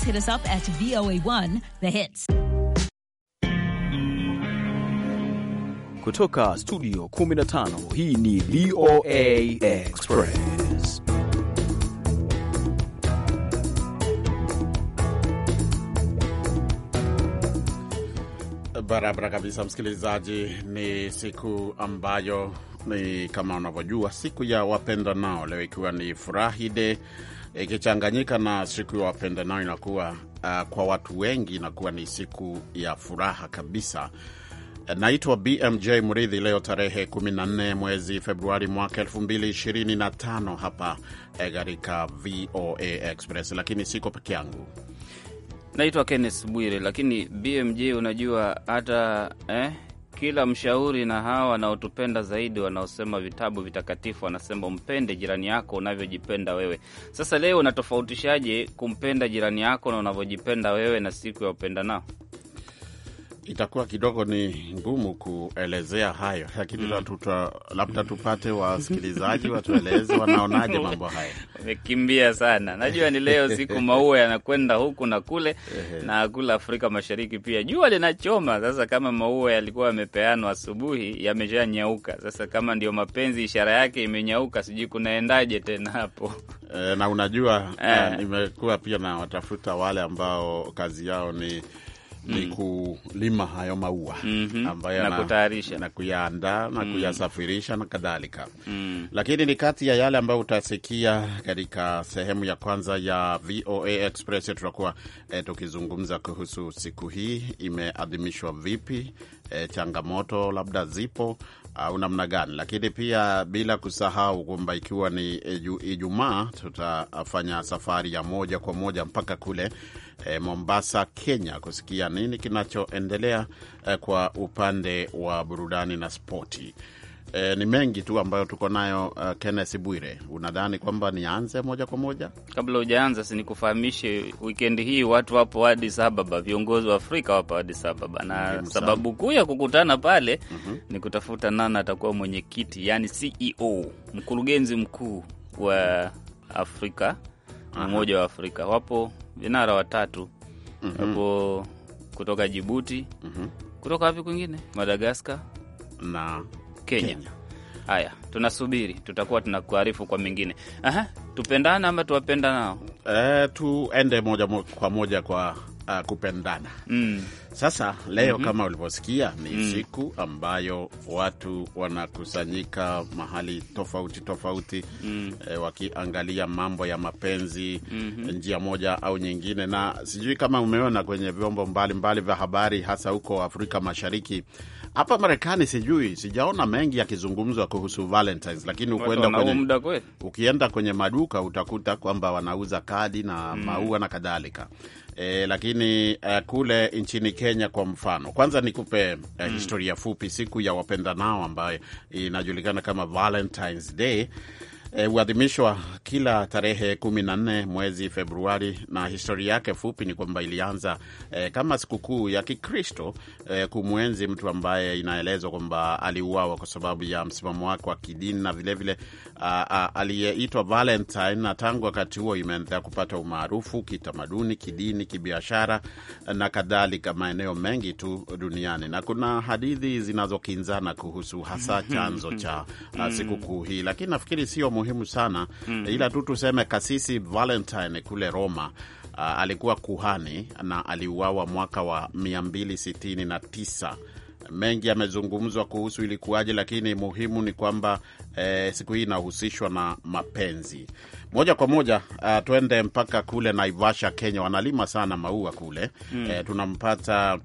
Hit us up at VOA1 The Hits. Kutoka studio 15 hii ni VOA Express. Barabara kabisa msikilizaji, ni siku ambayo ni kama unavyojua siku ya wapenda nao, leo ikiwa ni furahide ikichanganyika na siku ya wapenda nayo inakuwa uh, kwa watu wengi inakuwa ni siku ya furaha kabisa. Uh, naitwa BMJ Mridhi. Leo tarehe 14 mwezi Februari mwaka 2025 hapa uh, katika VOA Express, lakini siko peke yangu. Naitwa Kenneth Bwire. Lakini BMJ, unajua hata eh, kila mshauri, na hawa wanaotupenda zaidi, wanaosema vitabu vitakatifu, wanasema umpende jirani yako unavyojipenda wewe. Sasa leo unatofautishaje kumpenda jirani yako na unavyojipenda wewe na siku ya upenda nao? itakuwa kidogo ni ngumu kuelezea hayo, lakini mm, labda mm. tupate wasikilizaji watueleze wanaonaje mambo haya. wamekimbia sana, najua ni leo siku maua yanakwenda huku na kule na kula Afrika Mashariki pia jua linachoma sasa. Kama maua yalikuwa yamepeanwa asubuhi yameshanyauka sasa, kama ndio mapenzi ishara yake imenyauka, sijui kunaendaje tena hapo. E, na unajua e, nimekuwa pia na watafuta wale ambao kazi yao ni mm. ni kulima hayo maua mm -hmm. ambayo na kutayarisha na kuyaandaa na mm. kuyasafirisha na kadhalika mm. Lakini ni kati ya yale ambayo utasikia katika sehemu ya kwanza ya VOA Express. Tutakuwa eh, tukizungumza kuhusu siku hii imeadhimishwa vipi, eh, changamoto labda zipo au namna gani, lakini pia bila kusahau kwamba ikiwa ni Ijumaa tutafanya safari ya moja kwa moja mpaka kule e, Mombasa, Kenya, kusikia nini kinachoendelea e, kwa upande wa burudani na spoti. E, ni mengi tu ambayo tuko nayo. Uh, Kenneth Bwire, unadhani kwamba nianze moja kwa moja? Kabla hujaanza, si nikufahamishe wikendi hii watu wapo Addis Ababa, viongozi wa Afrika wapo Addis Ababa na Mimsam. Sababu kuu ya kukutana pale mm -hmm. ni kutafuta nani atakuwa mwenyekiti, yani CEO, mkurugenzi mkuu wa Afrika, Umoja wa Afrika. Wapo vinara watatu mm -hmm. wapo kutoka Jibuti mm -hmm. kutoka wapi kwingine, Madagaskar na Kenya, Haya, tunasubiri, tutakuwa tunakuarifu kwa mengine. Aha, tupendana ama tuwapenda nao? E, tuende moja kwa moja kwa uh, kupendana mm. Sasa leo mm -hmm. kama ulivyosikia ni mm. siku ambayo watu wanakusanyika mahali tofauti tofauti mm. e, wakiangalia mambo ya mapenzi mm -hmm. njia moja au nyingine, na sijui kama umeona kwenye vyombo mbalimbali vya habari hasa huko Afrika Mashariki. Hapa Marekani sijui, sijaona mengi yakizungumzwa kuhusu Valentines, lakini ukienda kwenye, ukienda kwenye maduka utakuta kwamba wanauza kadi na mm. maua na kadhalika. E, lakini uh, kule nchini Kenya kwa mfano, kwanza nikupe uh, historia fupi. Siku ya wapenda nao ambayo inajulikana kama Valentine's Day Eh, huadhimishwa e, kila tarehe kumi na nne mwezi Februari, na historia yake fupi ni kwamba ilianza e, kama sikukuu ya Kikristo e, kumwenzi mtu ambaye inaelezwa kwamba aliuawa kwa sababu ya msimamo wake wa kidini na vilevile aliyeitwa Valentine, na tangu wakati huo imeendelea kupata umaarufu kitamaduni, kidini, kibiashara na kadhalika maeneo mengi tu duniani, na kuna hadithi zinazokinzana kuhusu hasa chanzo cha sikukuu hii, lakini nafikiri sio muhimu sana mm. Ila tu tuseme kasisi Valentine kule Roma uh, alikuwa kuhani na aliuawa mwaka wa 269 mengi yamezungumzwa kuhusu ilikuwaje, lakini muhimu ni kwamba eh, siku hii inahusishwa na mapenzi moja kwa moja. Uh, twende mpaka kule Naivasha, Kenya. Wanalima sana maua kule mm. Eh, tunampata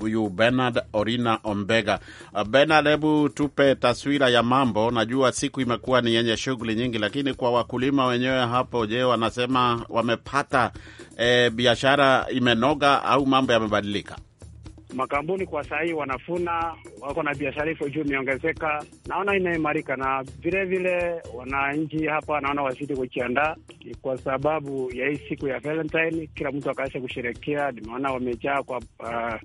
huyu Bernard Orina Ombega. Uh, Bernard, hebu tupe taswira ya mambo. Najua siku imekuwa ni yenye shughuli nyingi, lakini kwa wakulima wenyewe hapo, je, wanasema wamepata e, biashara imenoga au mambo yamebadilika? Makampuni kwa saa hii wanafuna, wako na biashara hivyo juu imeongezeka, naona inaimarika, na vilevile wananchi hapa naona wazidi kujiandaa kwa sababu ya hii siku ya Valentine, kila mtu akaanza kusherekea. Nimeona wamejaa kwa uh,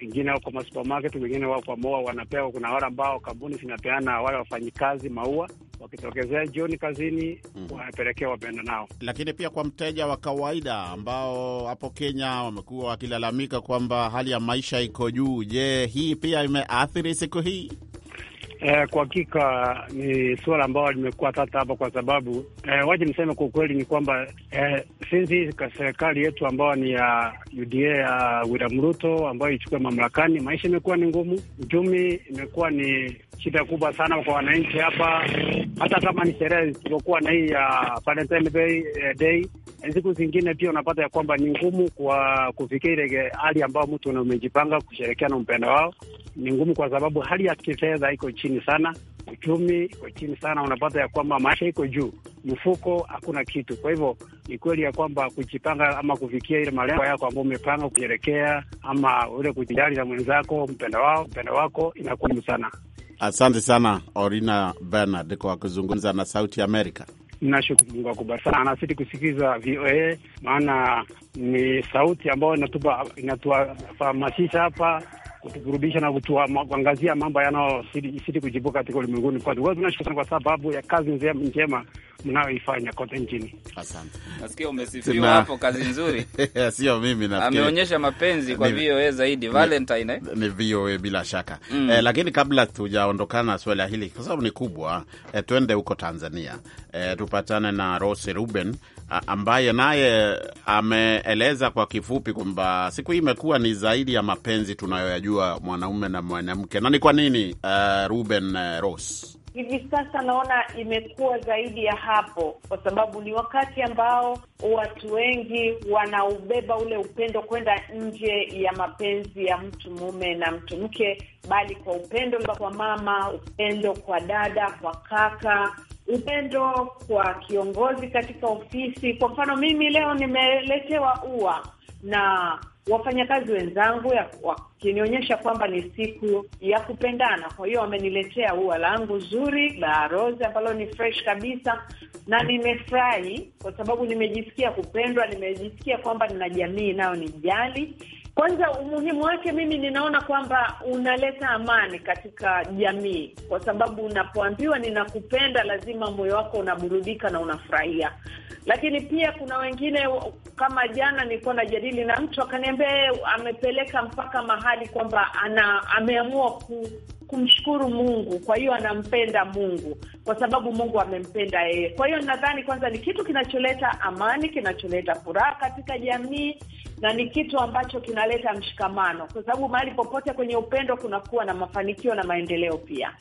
wengine wako kwa supermarket, wengine wako kwa moa wanapewa. Kuna wale ambao kampuni zinapeana wale wafanyikazi maua, wakitokezea jioni kazini mm -hmm. wanapelekea wapenda nao. Lakini pia kwa mteja wa kawaida ambao hapo Kenya wamekuwa wakilalamika kwamba hali ya maisha iko juu, je, hii pia imeathiri siku hii? Eh, kwa hakika ni suala ambayo limekuwa tata hapa kwa sababu eh, waje niseme kwa ukweli ni kwamba eh, sinzi serikali yetu ambayo ni ya UDA ya William Ruto ambayo ichukua mamlakani, maisha imekuwa ni ngumu, uchumi imekuwa ni shida kubwa sana kwa wananchi hapa. Hata kama ni sherehe isipokuwa na hii ya Valentine Day, eh, siku zingine pia unapata ya kwamba ni ngumu kwa kufikia ile hali ambayo mtu umejipanga kusherekea na mpendo wao. Ni ngumu kwa sababu hali ya kifedha iko chini sana, uchumi iko chini sana, unapata ya kwamba maisha iko juu, mfuko hakuna kitu. Kwa hivyo ni kweli ya kwamba kujipanga ama kufikia ile malengo yako ambayo umepanga kusherekea ama ule kujidali na mwenzako, mpendo wao, mpendo wako, inakumu sana. Asante sana Orina Bernard kwa kuzungumza na Sauti Amerika. Nashukuru Mungu kubwa sana sisi kusikiza VOA, maana ni sauti ambayo inatuhamasisha hapa kutuburudisha na kutuangazia mambo yanayosidi kujibuka katika ulimwenguni kote. tunashukuru sana kwa sababu ya kazi njema mnayoifanya kote nchini. Asante. Nasikia umesifiwa hapo, kazi nzuri. Sio mimi nafikiri. Ameonyesha mapenzi kwa VOA zaidi Valentine eh? Ni VOA bila shaka. Mm. Eh, lakini kabla tujaondokana swala hili kwa sababu ni kubwa, eh, tuende huko Tanzania. Eh, tupatane na Rose Ruben ambaye naye ameeleza kwa kifupi kwamba siku hii imekuwa ni zaidi ya mapenzi tunayoyajua kujua mwanaume na mwanamke, na ni kwa nini uh, Ruben uh, Rose hivi sasa naona imekuwa zaidi ya hapo, kwa sababu ni wakati ambao watu wengi wanaubeba ule upendo kwenda nje ya mapenzi ya mtu mume na mtu mke, bali kwa upendo kwa mama, upendo kwa dada, kwa kaka, upendo kwa kiongozi katika ofisi. Kwa mfano, mimi leo nimeletewa ua na wafanyakazi wenzangu wakinionyesha kwamba ni siku ya kupendana. Kwa hiyo wameniletea ua langu zuri la rose ambalo ni fresh kabisa, na nimefurahi kwa sababu nimejisikia kupendwa, nimejisikia kwamba nina jamii inayonijali kwanza umuhimu wake, mimi ninaona kwamba unaleta amani katika jamii, kwa sababu unapoambiwa ninakupenda, lazima moyo wako unaburudika na unafurahia. Lakini pia kuna wengine, kama jana nilikuwa najadili na mtu akaniambia, amepeleka mpaka mahali kwamba ana ameamua ku kumshukuru Mungu. Kwa hiyo anampenda Mungu kwa sababu Mungu amempenda yeye. Kwa hiyo nadhani kwanza ni kitu kinacholeta amani, kinacholeta furaha katika jamii na ni kitu ambacho kinaleta mshikamano, kwa sababu mahali popote kwenye upendo kunakuwa na mafanikio na maendeleo pia.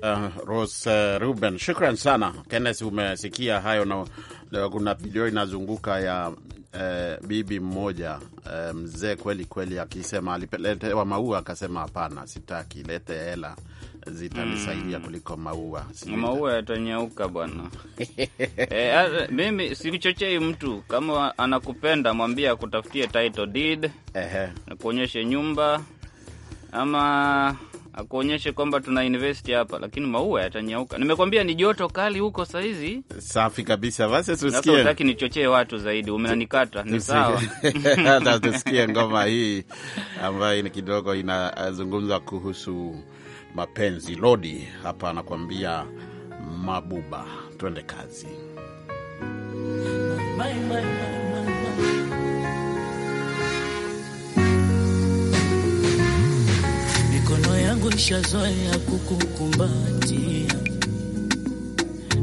Uh, Rose uh, Ruben, shukran sana kennes Umesikia hayo na, eh, kuna video inazunguka ya eh, bibi mmoja eh, mzee kweli kweli, akisema alipeletewa maua akasema hapana, sitaki, lete hela zitanisaidia mm, kuliko maua. Maua yatanyauka bwana. E, mimi simchochei mtu, kama anakupenda mwambie akutafutie title deed, kuonyeshe nyumba ama akuonyeshe kwamba tuna invest hapa, lakini maua yatanyauka. Nimekwambia ni joto kali huko sahizi Safi kabisa. Basi tusikie, nataki nichochee watu zaidi, umenanikata ni sawa. Tusikie ngoma hii ambayo ni kidogo inazungumza kuhusu mapenzi. Lodi hapa anakuambia Mabuba, twende kazi. my, my, my. shazoea kukukumbatia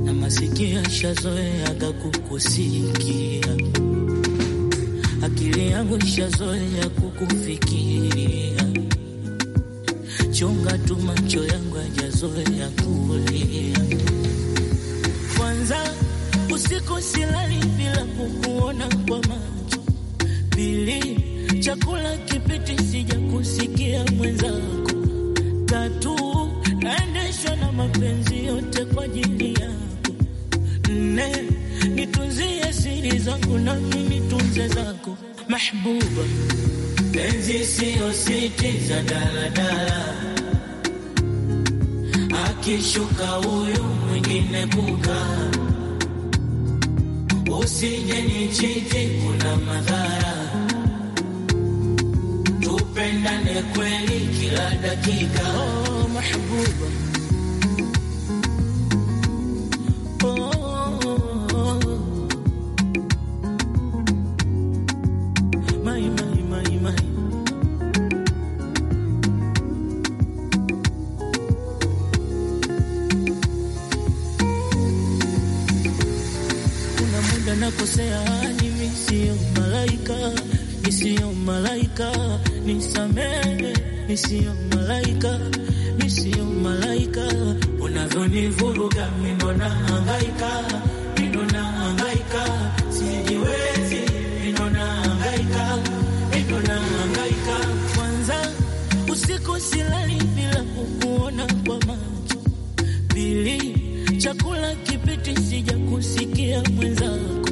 na masikia shazoea kukusikia, akili yangu shazoea kukufikiria. Chunga tu macho yangu ajazoea kulia. Kwanza usiku silali bila kukuona kwa macho. Pili chakula kipiti sijakusikia mwenzako kukugusa tu, naendeshwa na mapenzi yote kwa ajili yako. Nne, nitunzie siri zangu na mimi tunze zako mahbuba. Penzi siyo siti za daladala, akishuka huyu mwingine buka, usije nichiti, kuna madhara tupendane kweli kila dakika, oh, mahbuba nisamehe, misiyo malaika, misiyo malaika, unavyonivuruga mindo na hangaika, Kwanza usiku silali bila kukuona kwa macho, pili chakula kipiti, sijakusikia mwenzako,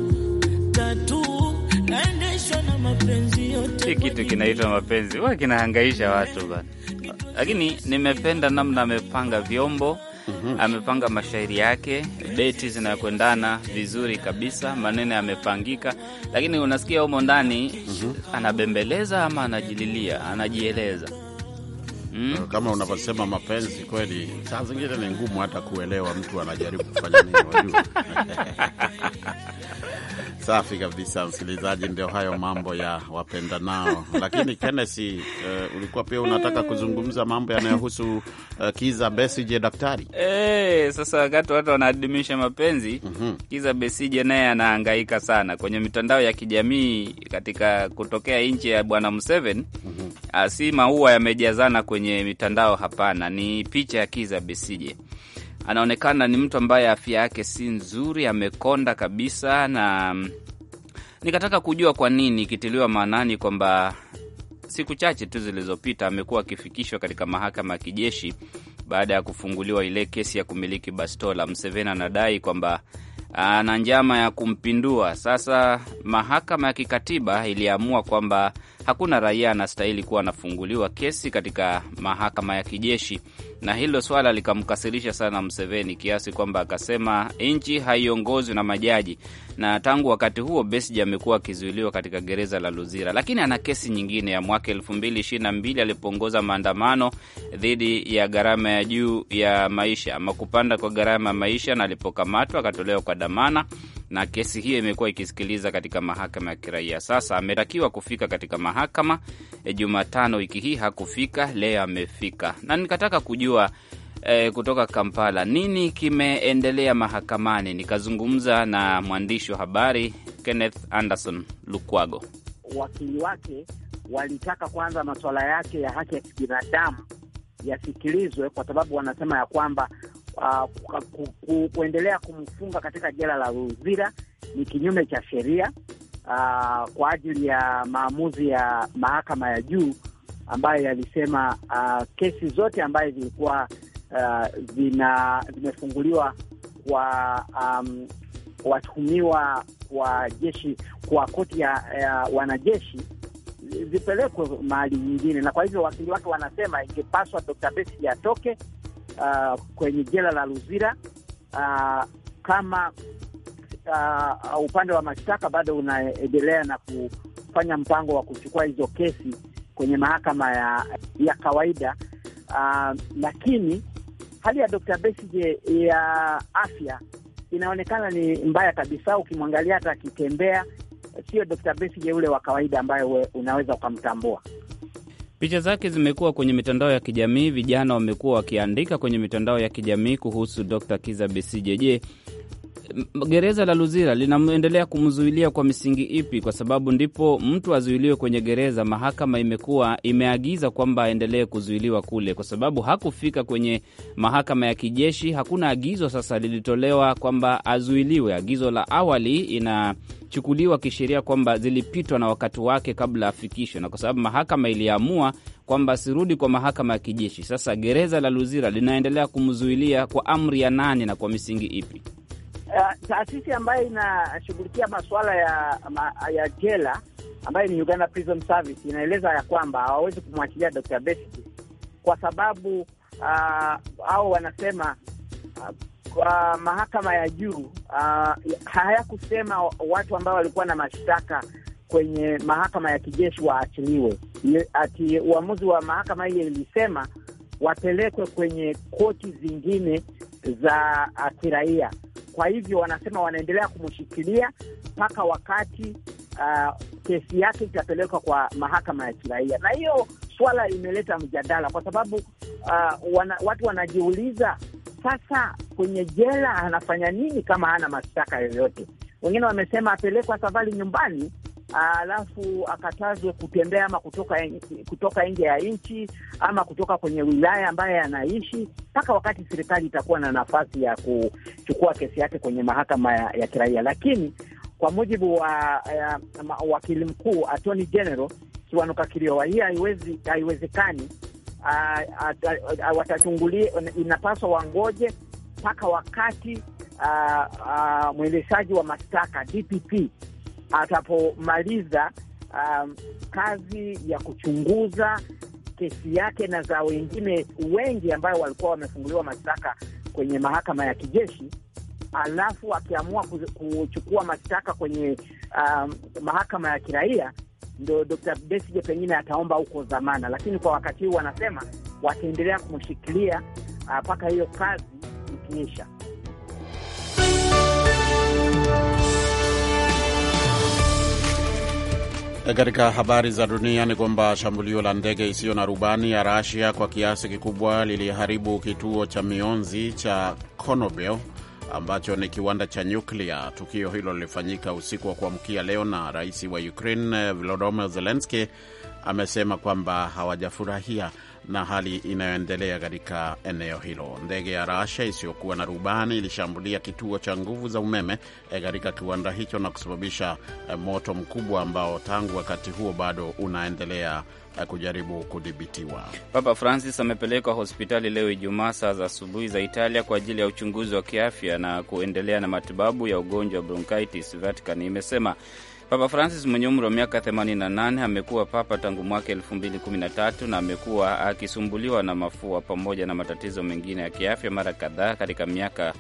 tatu si kitu kinaitwa mapenzi, huwa kinahangaisha watu bana, lakini nimependa namna amepanga vyombo Mm -hmm. Amepanga mashairi yake, beti zinakwendana vizuri kabisa, maneno yamepangika, lakini unasikia humo ndani mm -hmm. anabembeleza ama anajililia, anajieleza mm? Kama unavyosema mapenzi kweli, saa zingine ni ngumu hata kuelewa mtu anajaribu kufanya nini, wajua Safi kabisa, msikilizaji, ndio hayo mambo ya wapendanao. Lakini Kennesi, uh, eh, ulikuwa pia unataka kuzungumza mambo yanayohusu uh, eh, Kiza Besije, daktari. Hey, eh, sasa wakati watu wanaadimisha mapenzi mm -hmm. Kiza Besije naye anaangaika sana kwenye mitandao ya kijamii katika kutokea nchi ya bwana Museveni mm -hmm. Si maua yamejazana kwenye mitandao, hapana, ni picha ya Kiza Besije anaonekana ni mtu ambaye afya yake si nzuri, amekonda kabisa, na mm, nikataka kujua kwa nini, ikitiliwa maanani kwamba siku chache tu zilizopita amekuwa akifikishwa katika mahakama ya kijeshi baada ya kufunguliwa ile kesi ya kumiliki bastola. Mseveni anadai kwamba ah, ana njama ya kumpindua. Sasa mahakama ya kikatiba iliamua kwamba hakuna raia anastahili kuwa anafunguliwa kesi katika mahakama ya kijeshi na hilo swala likamkasirisha sana Mseveni kiasi kwamba akasema nchi haiongozwi na majaji, na tangu wakati huo Besigye amekuwa akizuiliwa katika gereza la Luzira, lakini ana kesi nyingine ya mwaka elfu mbili ishirini na mbili alipoongoza maandamano dhidi ya gharama ya juu ya maisha ama kupanda kwa gharama ya maisha, na alipokamatwa akatolewa kwa damana na kesi hiyo imekuwa ikisikiliza katika mahakama ya kiraia. Sasa ametakiwa kufika katika mahakama e, Jumatano wiki hii, hakufika. Leo amefika, na nikataka kujua e, kutoka Kampala nini kimeendelea mahakamani. Nikazungumza na mwandishi wa habari Kenneth Anderson Lukwago. Wakili wake walitaka kwanza masuala yake ya haki ya kibinadamu yasikilizwe kwa sababu wanasema ya kwamba uh, ku, ku, kuendelea kumfunga katika jela la ruzira ni kinyume cha sheria uh, kwa ajili ya maamuzi ya mahakama ya juu ambayo yalisema uh, kesi zote ambazo zilikuwa uh, zimefunguliwa kwa um, watuhumiwa kwa jeshi kwa koti ya ya wanajeshi zipelekwe mahali nyingine, na kwa hivyo wakili wake wanasema ingepaswa Dr. Besigye atoke uh, kwenye jela la Luzira uh, kama uh, uh, upande wa mashtaka bado unaendelea na kufanya mpango wa kuchukua hizo kesi kwenye mahakama ya, ya kawaida uh, lakini hali ya Dr. Besigye ya afya inaonekana ni mbaya kabisa. Ukimwangalia hata akitembea, sio Dr. Besigye ule wa kawaida ambaye unaweza ukamtambua. Picha zake zimekuwa kwenye mitandao ya kijamii. Vijana wamekuwa wakiandika kwenye mitandao ya kijamii kuhusu Dr Kiza Besigye. Je, Gereza la Luzira linaendelea kumzuilia kwa misingi ipi? Kwa sababu ndipo mtu azuiliwe kwenye gereza, mahakama imekuwa imeagiza kwamba aendelee kuzuiliwa kule, kwa sababu hakufika kwenye mahakama ya kijeshi. Hakuna agizo sasa lilitolewa kwamba azuiliwe. Agizo la awali inachukuliwa kisheria kwamba zilipitwa na wakati wake kabla afikishwe, na kwa sababu mahakama iliamua kwamba asirudi kwa mahakama ya kijeshi, sasa gereza la Luzira linaendelea kumzuilia kwa amri ya nani na kwa misingi ipi? uh, taasisi ambayo inashughulikia masuala ya, ma, ya jela ambayo ni Uganda Prison Service inaeleza ya kwamba hawawezi kumwachilia Dr. Besigye kwa sababu uh, ah, au wanasema uh, kwa mahakama ya juu uh, hayakusema watu ambao walikuwa na mashtaka kwenye mahakama ya kijeshi waachiliwe. Ati uamuzi wa mahakama hiyo ilisema wapelekwe kwenye koti zingine za kiraia. Kwa hivyo wanasema wanaendelea kumshikilia mpaka wakati uh, kesi yake itapelekwa kwa mahakama ya kiraia, na hiyo swala imeleta mjadala kwa sababu uh, wana, watu wanajiuliza sasa, kwenye jela anafanya nini kama hana mashtaka yoyote? Wengine wamesema apelekwa safari nyumbani alafu akatazwe kutembea ama kutoka, kutoka nje ya nchi ama kutoka kwenye wilaya ambayo anaishi mpaka wakati serikali itakuwa na nafasi ya kuchukua kesi yake kwenye mahakama ya, ya kiraia. Lakini kwa mujibu wa uh, wakili mkuu attorney general Kiwanuka Kakiriwa, hii haiwezekani. Watachungulia, inapaswa wangoje mpaka wakati uh, uh, mwendeshaji wa mashtaka DPP atapomaliza um, kazi ya kuchunguza kesi yake na za wengine wengi ambayo walikuwa wamefunguliwa mashtaka kwenye mahakama ya kijeshi, alafu akiamua kuchukua mashtaka kwenye um, mahakama ya kiraia, ndo d Besigye pengine ataomba huko dhamana, lakini kwa wakati huu wanasema wataendelea kumshikilia uh, mpaka uh, hiyo kazi ikiisha. Katika habari za dunia ni kwamba shambulio la ndege isiyo na rubani ya Rasia kwa kiasi kikubwa liliharibu kituo cha mionzi cha Chernobyl ambacho ni kiwanda cha nyuklia. Tukio hilo lilifanyika usiku wa kuamkia leo, na rais wa Ukraine Volodymyr Zelensky amesema kwamba hawajafurahia na hali inayoendelea katika eneo hilo. Ndege ya Rasha isiyokuwa na rubani ilishambulia kituo cha nguvu za umeme eh, katika kiwanda hicho na kusababisha eh, moto mkubwa ambao tangu wakati huo bado unaendelea eh, kujaribu kudhibitiwa. Papa Francis amepelekwa hospitali leo Ijumaa saa za asubuhi za Italia kwa ajili ya uchunguzi wa kiafya na kuendelea na matibabu ya ugonjwa wa bronkitis, Vatican imesema. Papa Francis mwenye umri wa miaka 88 amekuwa papa tangu mwaka 2013 na amekuwa akisumbuliwa na mafua pamoja na matatizo mengine ya kiafya mara kadhaa katika miaka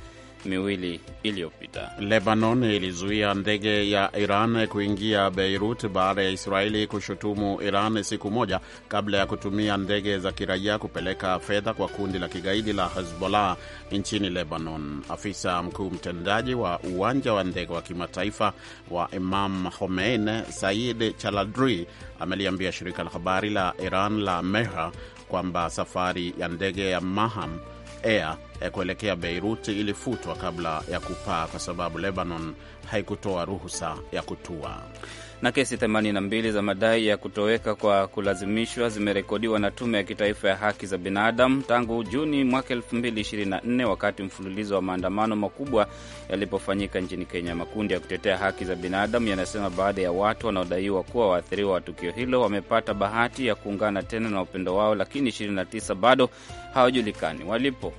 miwili iliyopita. Lebanon ilizuia ndege ya Iran kuingia Beirut baada ya Israeli kushutumu Iran siku moja kabla ya kutumia ndege za kiraia kupeleka fedha kwa kundi la kigaidi la Hezbollah nchini Lebanon. Afisa mkuu mtendaji wa uwanja wa ndege wa kimataifa wa Imam homein Said Chaladri, ameliambia shirika la habari la Iran la Meha kwamba safari ya ndege ya Maham Air ya eh, kuelekea Beirut ilifutwa kabla ya kupaa kwa sababu Lebanon haikutoa ruhusa ya kutua na kesi 82 za madai ya kutoweka kwa kulazimishwa zimerekodiwa na Tume ya Kitaifa ya Haki za Binadamu tangu Juni mwaka 2024 wakati mfululizo wa maandamano makubwa yalipofanyika nchini Kenya. Makundi ya kutetea haki za binadamu yanasema baadhi ya watu wanaodaiwa kuwa waathiriwa wa tukio hilo wamepata bahati ya kuungana tena na upendo wao, lakini 29 bado hawajulikani walipo.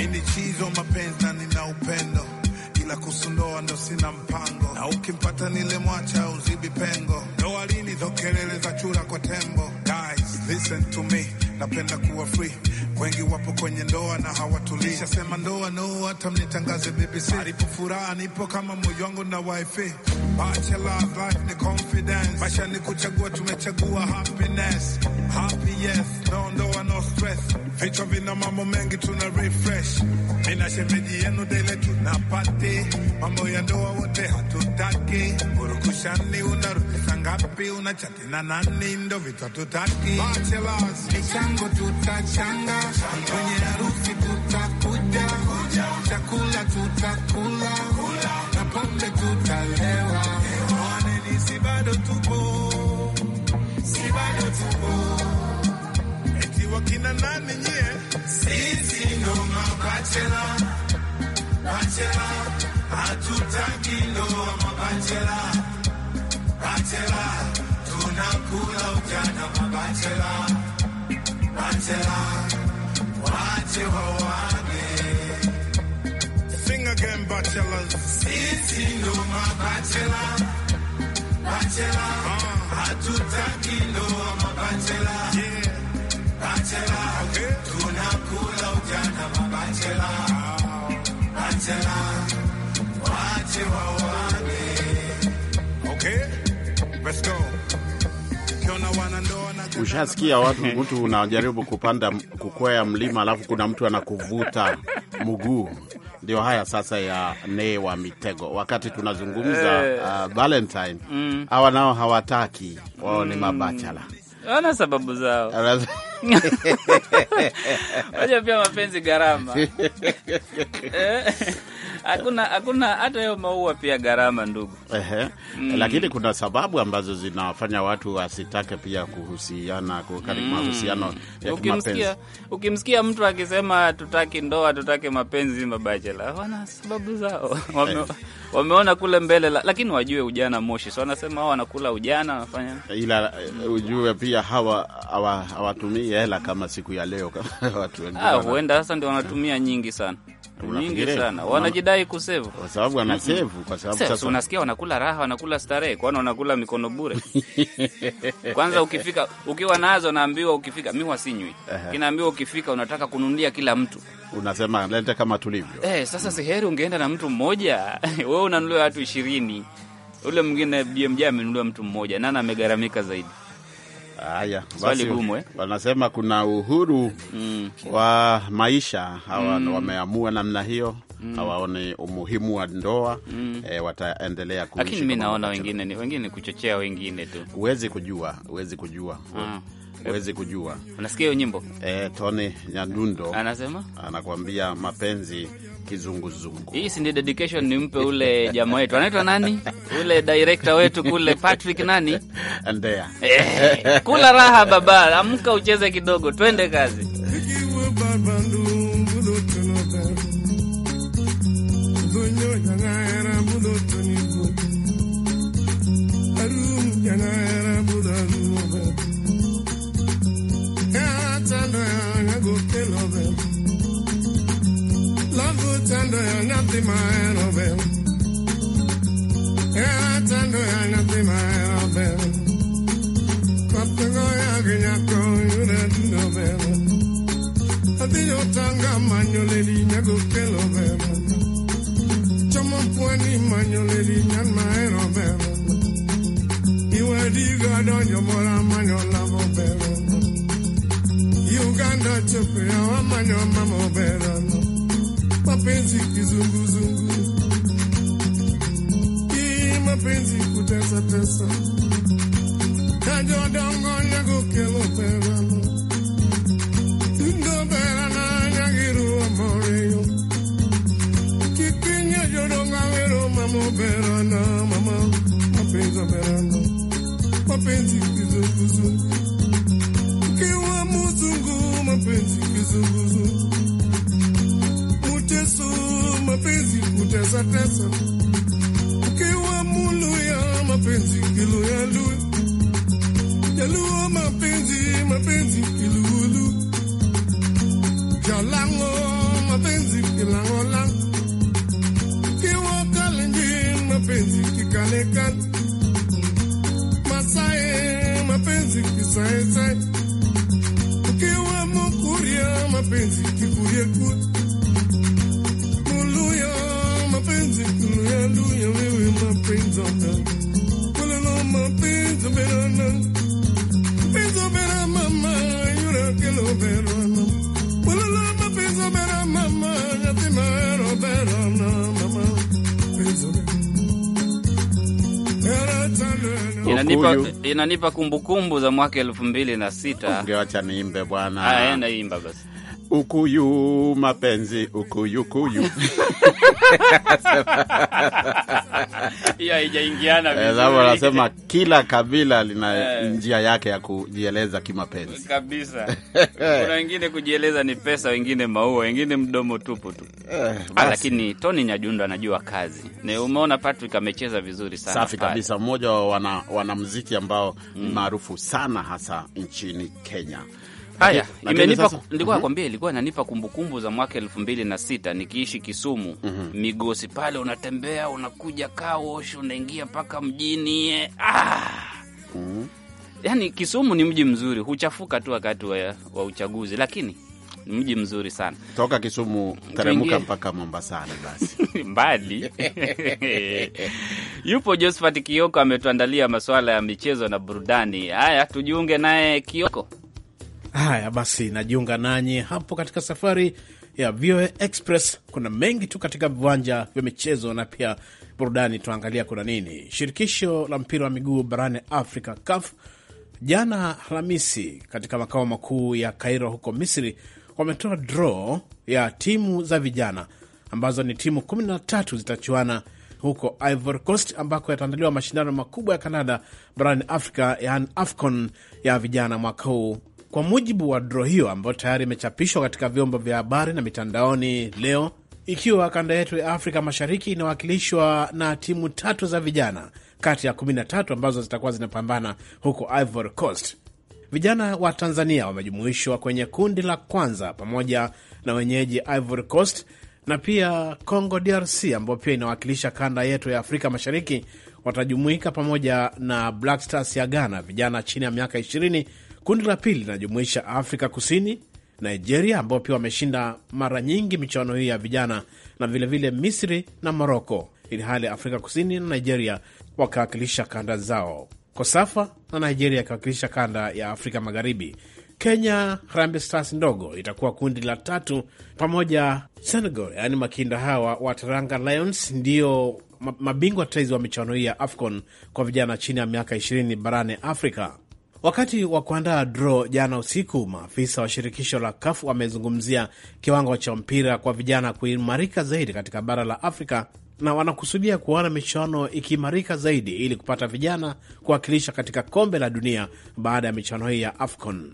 ini cheese on mapenzi na nina upendo, ila kusundoa ndo sina mpango, na ukimpata nile mwacha uzibi pengo. Ndoa lini zo kelele za chura kwa tembo? Guys, listen to me, napenda kuwa free wengi wapo kwenye ndoa na hawatulii. Shasema ndoa no, hata mnitangaze BBC. Alipo furaha nipo kama moyo wangu na wife. Bachelor life ni confidence, maisha ni kuchagua, tumechagua happiness happy yes, naondoa no stress, vichwa vina mambo mengi, tuna refresh. Mina shemeji yenu dele tunapate mambo ya ndoa, wote hatutaki urukushani. Unarudisha ngapi? Unachati na nani? Ndo vitu hatutaki. Bachelors michango, tutachanga kwenye harusi, tutakuja chakula, tutakula na pombe, tutalewa. bado tupo na nani nyie? Sisi ndo mabachela, bachela, hatutaki ndoa mabachela, bachela, tunakula ujana mabachela, bachela, wache wawane. Sing again, bachelors. Sisi ndo mabachela, bachela, hatutaki ndoa mabachela, yeah. Ushasikia watu, mtu unajaribu kupanda kukwea mlima, alafu kuna mtu anakuvuta mguu. Ndio haya sasa ya nee wa mitego. Wakati tunazungumza eh. uh, Valentine mm. hawa mm. nao hawataki wao, ni mm. mabachala, wana sababu zao Unajua pia mapenzi gharama hakuna hakuna hata hiyo maua pia gharama ndugu. Ehe. Mm. Lakini kuna sababu ambazo zinafanya watu wasitake pia kuhusiana kukali mm. mahusiano ya kimapenzi. Ukimsikia mtu akisema tutaki ndoa, tutake mapenzi mabachela, wana sababu zao eh. wame, wameona kule mbele la, lakini wajue ujana moshi, so wanasema hao wanakula ujana wanafanya, ila eh, ujue pia hawa hawatumii hawa hela kama siku ya leo kama watu wengine ah, huenda sasa ndio wanatumia nyingi sana nyingi sana wanajidai kusevu kwa sababu anasevu, kwa sababu sasa unasikia wanakula raha, wanakula starehe, kwani wanakula mikono bure. Kwanza ukifika ukiwa nazo, naambiwa ukifika, mimi wasinywi kinaambiwa, ukifika unataka kununulia kila mtu, unasema lete kama tulivyo. Eh, sasa siheri ungeenda na mtu mmoja wewe unanunulia watu ishirini, ule mwingine BMJ amenunulia mtu mmoja, nani amegaramika zaidi? Haya swali gumu, eh? Wanasema kuna uhuru mm. wa maisha hawa mm. wameamua namna hiyo mm. hawaone umuhimu wa ndoa mm. e, wataendelea kuishi. Lakini mimi naona wengine ni wengine kuchochea wengine tu, huwezi kujua, huwezi kujua ah uweze kujua. Unasikia hiyo nyimbo eh? Tony Nyadundo anasema, anakuambia mapenzi kizunguzungu. Hii si ndio dedication nimpe ule jamaa wetu anaitwa nani, ule director wetu kule Patrick nani Ndea. Eh, kula raha baba, amka ucheze kidogo, twende kazi que no veo. La butando ya ngati mae no veo. Ya tando ya ngati mae no veo. Kapengo ya gina konyure no veo. Adillo tanga manyo le di nyago que no veo. Chomo pueni manyo le di nyan mae no veo. Iwe di gadonyo mora manyo la Uganda chekwe awa manya mama obera no mapenzi zungu. hii mapenzi kutesa pesa, kajo dongo nyago kelo obera no ndo obera na nyagiru amore yo kikinya jodonga wero mama obera na mama mapenzi obera no mapenzi zungu. Zungu mapenzi, kizungu muteso mapenzi, kutesa tesa, ukiwa muluya mapenzi, kiluyalu jaluo mapenzi, mapenzi kilulu jalango mapenzi, kilangolango kiwa kalenjin mapenzi, kikalekal masae mapenzi, kisaesae Muluya mapenzi kikuye kuwa Muluya mapenzi kunuya luya wewe mapenzi ona Kule no mapenzi berana Mapenzi bera mama yura kilo berana Kule no mapenzi bera mama yatima ero berana mama Mapenzi berana Era tale inanipa, inanipa kumbukumbu za mwaka elfu mbili na sita. Ungewacha niimbe bwana, aenda imba basi. Ukuyu mapenzi ukuyu kuyu eh, anasema kila kabila lina eh. njia yake ya kujieleza kimapenzi kabisa. Kuna wengine kujieleza ni pesa, wengine maua, wengine mdomo tupu tu eh, ah, lakini Tony Nyajundo anajua kazi. Ni umeona Patrick amecheza vizuri sana, safi kabisa, mmoja wa wanamuziki wana ambao ni mm, maarufu sana hasa nchini Kenya. Haya, imenipa nilikuwa mhm. nakwambia, ilikuwa inanipa kumbukumbu za mwaka elfu mbili na sita nikiishi Kisumu. mm -hmm. Migosi pale unatembea unakuja Kawosh unaingia mpaka mjini eh. ah! mm -hmm. Yaani Kisumu ni mji mzuri, huchafuka tu wakati wa, wa uchaguzi, lakini ni mji mzuri sana. Toka Kisumu teremka mpaka Mombasani basi mbali yupo Josephat Kioko ametuandalia masuala ya michezo na burudani. Haya, tujiunge naye Kioko. Haya basi, najiunga nanyi hapo katika safari ya VOA Express. Kuna mengi tu katika viwanja vya michezo na pia burudani. Tuangalia kuna nini. Shirikisho la mpira wa miguu barani Afrika, CAF, jana Alhamisi, katika makao makuu ya Kairo huko Misri, wametoa draw ya timu za vijana ambazo ni timu 13 zitachuana huko Ivory Coast ambako yataandaliwa mashindano makubwa ya Kanada barani Afrika, yaani AFCON ya vijana mwaka huu kwa mujibu wa dro hiyo ambayo tayari imechapishwa katika vyombo vya habari na mitandaoni leo, ikiwa kanda yetu ya Afrika Mashariki inawakilishwa na timu tatu za vijana kati ya 13 ambazo zitakuwa zinapambana huko Ivory Coast. Vijana wa Tanzania wamejumuishwa kwenye kundi la kwanza pamoja na wenyeji Ivory Coast na pia Congo DRC ambayo pia inawakilisha kanda yetu ya Afrika Mashariki watajumuika pamoja na Black Stars ya Ghana, vijana chini ya miaka 20 Kundi la pili linajumuisha Afrika Kusini, Nigeria ambao pia wameshinda mara nyingi michuano hii ya vijana na vilevile vile Misri na Moroko, ili hali Afrika Kusini na Nigeria wakawakilisha kanda zao, Kosafa na Nigeria akawakilisha kanda ya Afrika Magharibi. Kenya Harambee Stars ndogo itakuwa kundi la tatu pamoja Senegal, yaani makinda hawa wa Teranga Lions ndiyo mabingwa tetezi wa michuano hii ya AFCON kwa vijana chini ya miaka 20 barani Afrika. Wakati wa kuandaa dro jana usiku, maafisa wa shirikisho la KAFU wamezungumzia kiwango cha mpira kwa vijana kuimarika zaidi katika bara la Afrika na wanakusudia kuona michuano ikiimarika zaidi ili kupata vijana kuwakilisha katika kombe la dunia baada ya michuano hii ya AFCON.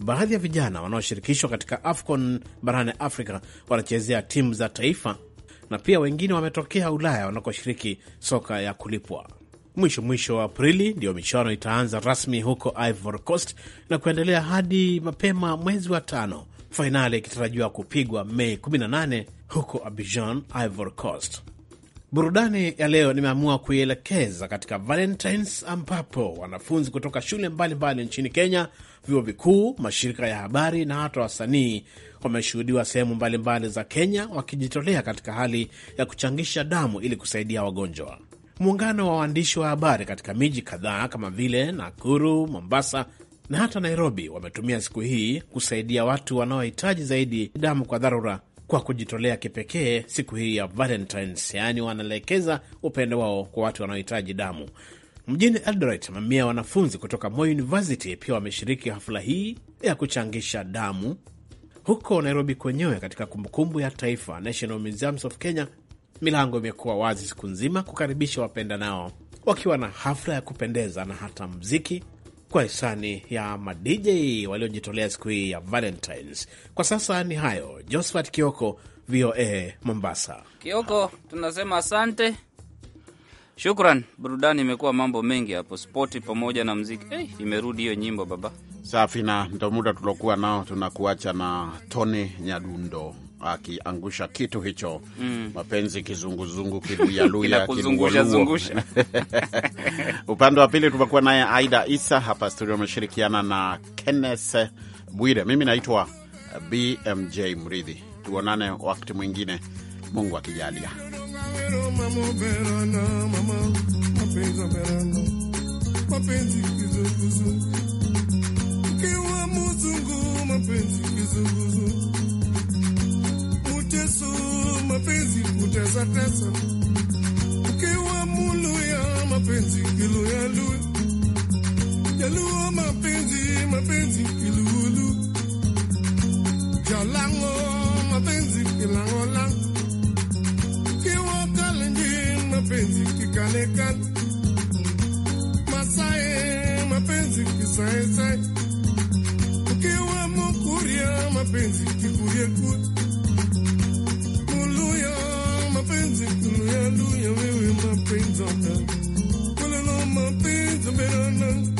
Baadhi ya vijana wanaoshirikishwa katika AFCON barani Afrika wanachezea timu za taifa na pia wengine wametokea Ulaya wanakoshiriki soka ya kulipwa. Mwisho mwisho wa Aprili ndiyo michuano itaanza rasmi huko Ivory Coast na kuendelea hadi mapema mwezi wa tano, fainali ikitarajiwa kupigwa Mei 18 huko Abidjan, Ivory Coast. Burudani ya leo nimeamua kuielekeza katika Valentines, ambapo wanafunzi kutoka shule mbalimbali mbali nchini Kenya, vyuo vikuu, mashirika ya habari na hata wasanii wameshuhudiwa sehemu mbalimbali za Kenya wakijitolea katika hali ya kuchangisha damu ili kusaidia wagonjwa. Muungano wa waandishi wa habari katika miji kadhaa kama vile Nakuru, Mombasa na hata Nairobi wametumia siku hii kusaidia watu wanaohitaji zaidi damu kwa dharura kwa kujitolea kipekee siku hii ya Valentines, yaani wanaelekeza upendo wao kwa watu wanaohitaji damu. Mjini Eldoret, mamia wanafunzi kutoka Moi University pia wameshiriki hafla hii ya kuchangisha damu. Huko Nairobi kwenyewe, katika kumbukumbu ya taifa National Museums of Kenya, Milango imekuwa wazi siku nzima kukaribisha wapenda nao, wakiwa na hafla ya kupendeza na hata mziki kwa hisani ya madj waliojitolea siku hii ya Valentines. Kwa sasa ni hayo. Josephat Kioko, VOA Mombasa. Kioko, tunasema asante, shukran. Burudani imekuwa mambo mengi hapo, spoti pamoja na mziki. Hey, eh, imerudi hiyo nyimbo baba Safi, na ndo muda tuliokuwa nao. Tunakuacha na Tony Nyadundo akiangusha kitu hicho mm. Mapenzi kizunguzungu kiluyaluya upande wa pili tumekuwa naye Aida Isa hapa studio, ameshirikiana na kennes Bwire. Mimi naitwa BMJ Mridhi. Tuonane wakati mwingine, Mungu akijalia. Ukiwa mzungu mapenzi kizunguzu, muteso mapenzi kutesa tesa, ukiwa muluya mapenzi kiluya lu, jaluo mapenzi mapenzi kilulu, jalango mapenzi kilango lango, ukiwa kalenji mapenzi kikalekale, masaye mapenzi kisaesae Haleluya mapenzi kikulie kwetu. Haleluya mapenzi haleluya wewe mapenzi. Haleluya